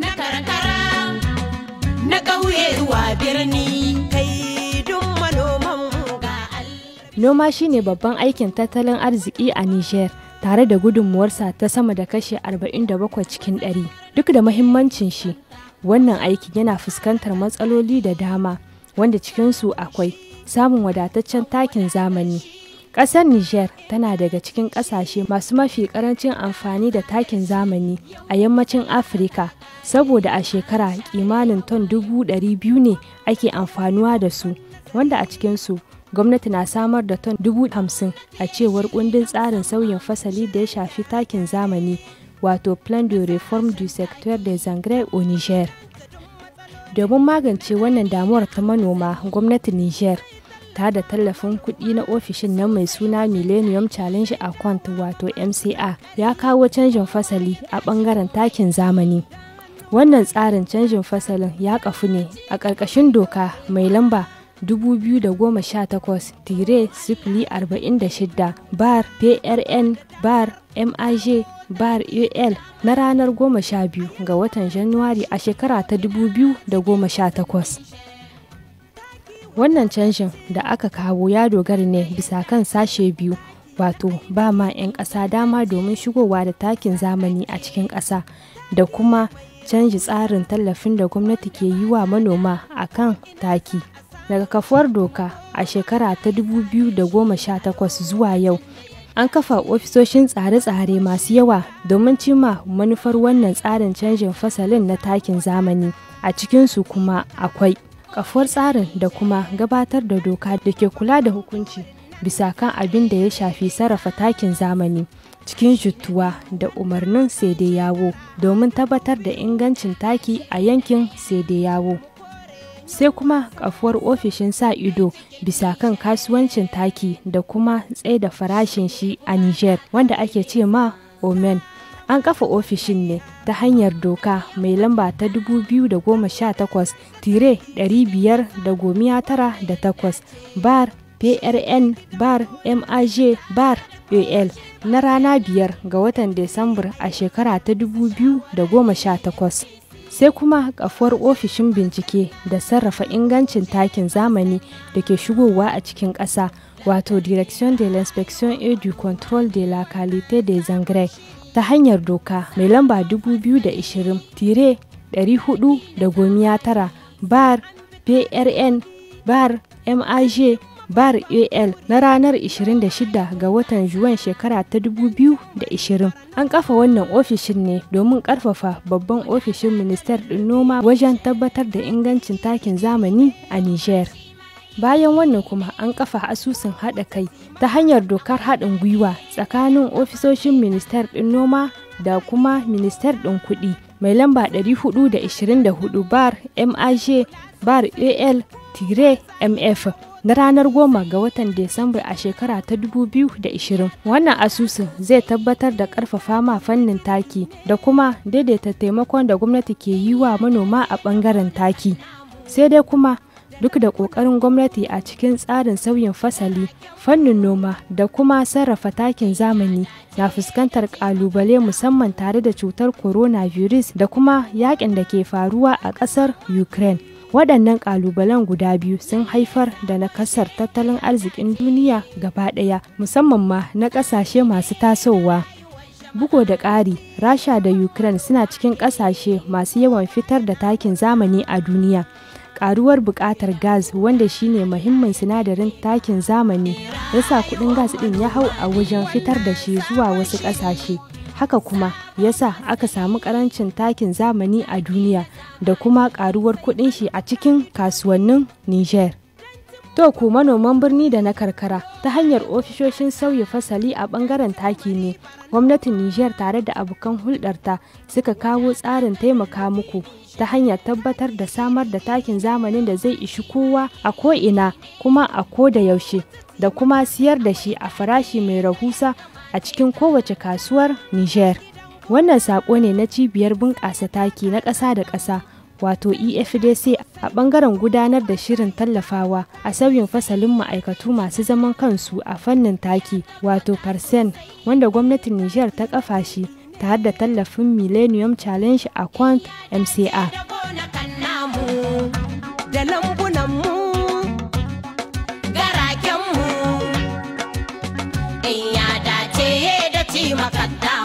Na karkara, na ƙauye zuwa birni, kai Noma shine babban aikin tattalin arziki a Nijar. tare da gudunmuwarsa ta sama da kashe 47 cikin 100 duk da mahimmancin shi wannan aiki yana fuskantar matsaloli da dama wanda cikinsu akwai samun wadataccen takin zamani Ƙasar Niger tana daga cikin ƙasashe masu mafi ƙarancin amfani da takin zamani a yammacin Afirka, saboda a shekara kimanin ton dubu ɗari biyu ne ake amfanuwa da su, wanda a cikinsu gwamnati na samar da ton dubu hamsin a cewar kundin tsarin sauyin fasali da ya shafi takin zamani, wato Plan de Reforme du Secteur des Engrais au Niger. Domin magance wannan damuwar ta manoma gwamnatin Niger. ta da tallafin kuɗi na ofishin nan mai suna millennium challenge account wato mca ya kawo canjin fasali a ɓangaren takin zamani wannan tsarin canjin fasalin ya kafu ne a ƙarƙashin doka mai lamba 2018 shidda bar prn bar mij bar ul na ranar 12 ga watan januwari a shekara ta 2018 Wannan canjin da aka kawo ya dogara ne bisa kan sashe biyu wato ba ma 'yan ƙasa dama domin shigowa da takin zamani a cikin ƙasa da kuma canji tsarin tallafin da gwamnati ke yi wa manoma a kan taki. Daga kafuwar doka a shekara ta 2018 zuwa yau an kafa ofisoshin tsare-tsare masu yawa domin cimma manufar wannan tsarin canjin fasalin na takin zamani a cikinsu kuma akwai kafuwar tsarin da kuma gabatar da doka da ke kula da hukunci bisa kan abin da ya shafi sarrafa takin zamani cikin jituwa da umarnin sede yawo domin tabbatar da ingancin taki a yankin sede yawo sai kuma kafuwar ofishin sa ido bisa kan kasuwancin taki da kuma da farashin shi a niger wanda ake ce ma omen An kafa ofishin ne ta hanyar doka mai lamba ta 2018-598 bar PRN bar MAJ bar AL na rana biyar ga watan Desambar a shekara ta 2018. Sai kuma kafuwar ofishin bincike da sarrafa ingancin takin zamani da ke shigowa a cikin ƙasa wato Direction de l'Inspection et du Contrôle de la Qualité des Engrais. ta hanyar doka mai lamba 2020 tire 419 bar p.r.n. bar maj bar al na ranar 26 ga watan juwan shekara ta 2020 an kafa wannan ofishin ne domin karfafa babban ofishin ministar ɗin noma wajen tabbatar da ingancin takin zamani a niger Bayan wannan kuma an kafa asusun haɗa kai ta hanyar dokar haɗin gwiwa tsakanin ofisoshin Ministar ɗin Noma da kuma Ministar ɗin Kuɗi mai lamba 424-MIJ/AL-MF bar, bar, na ranar goma ga watan Desamba a shekara ta 2020. Wannan asusun zai tabbatar da karfafa ma fannin taki da kuma daidaita taimakon da gwamnati ke yi wa manoma a bangaren taki. Sai dai kuma duk da ƙoƙarin gwamnati a cikin tsarin sauyin fasali fannin noma da kuma sarrafa takin zamani na fuskantar ƙalubale musamman tare da cutar coronavirus da kuma yakin da ke faruwa a ƙasar ukraine waɗannan ƙalubalen guda biyu sun haifar da nakasar tattalin arzikin duniya gaba ɗaya musamman ma na ƙasashe masu tasowa bugu da ƙari rasha da ukraine suna cikin ƙasashe masu yawan fitar da takin zamani a duniya karuwar bukatar gas wanda shine muhimmin sinadarin takin zamani yasa kudin gas din ya hau a wajen fitar da shi zuwa wasu kasashe haka kuma yasa aka samu karancin takin zamani a duniya da kuma karuwar kudin shi a cikin kasuwannin niger to ku manoman birni da na karkara ta hanyar ofishoshin sauya fasali a bangaren taki ne gwamnatin niger tare da abokan hulɗarta suka kawo tsarin taimaka muku ta hanyar tabbatar da samar da takin zamanin da zai ishi kowa a ko'ina kuma a ko da yaushe da kuma siyar da shi a farashi mai rahusa a cikin kowace kasuwar Niger. Wannan saƙo ne na cibiyar bunƙasa taki na ƙasa da ƙasa wato EFDC a ɓangaren gudanar da shirin tallafawa a sauyin fasalin ma'aikatu masu zaman kansu a fannin taki wato Parsen wanda gwamnatin Nijar ta ƙafa shi tare da tallafin Millennium Challenge a Quant MCR. Da lambunanmu garakenmu in ya dace da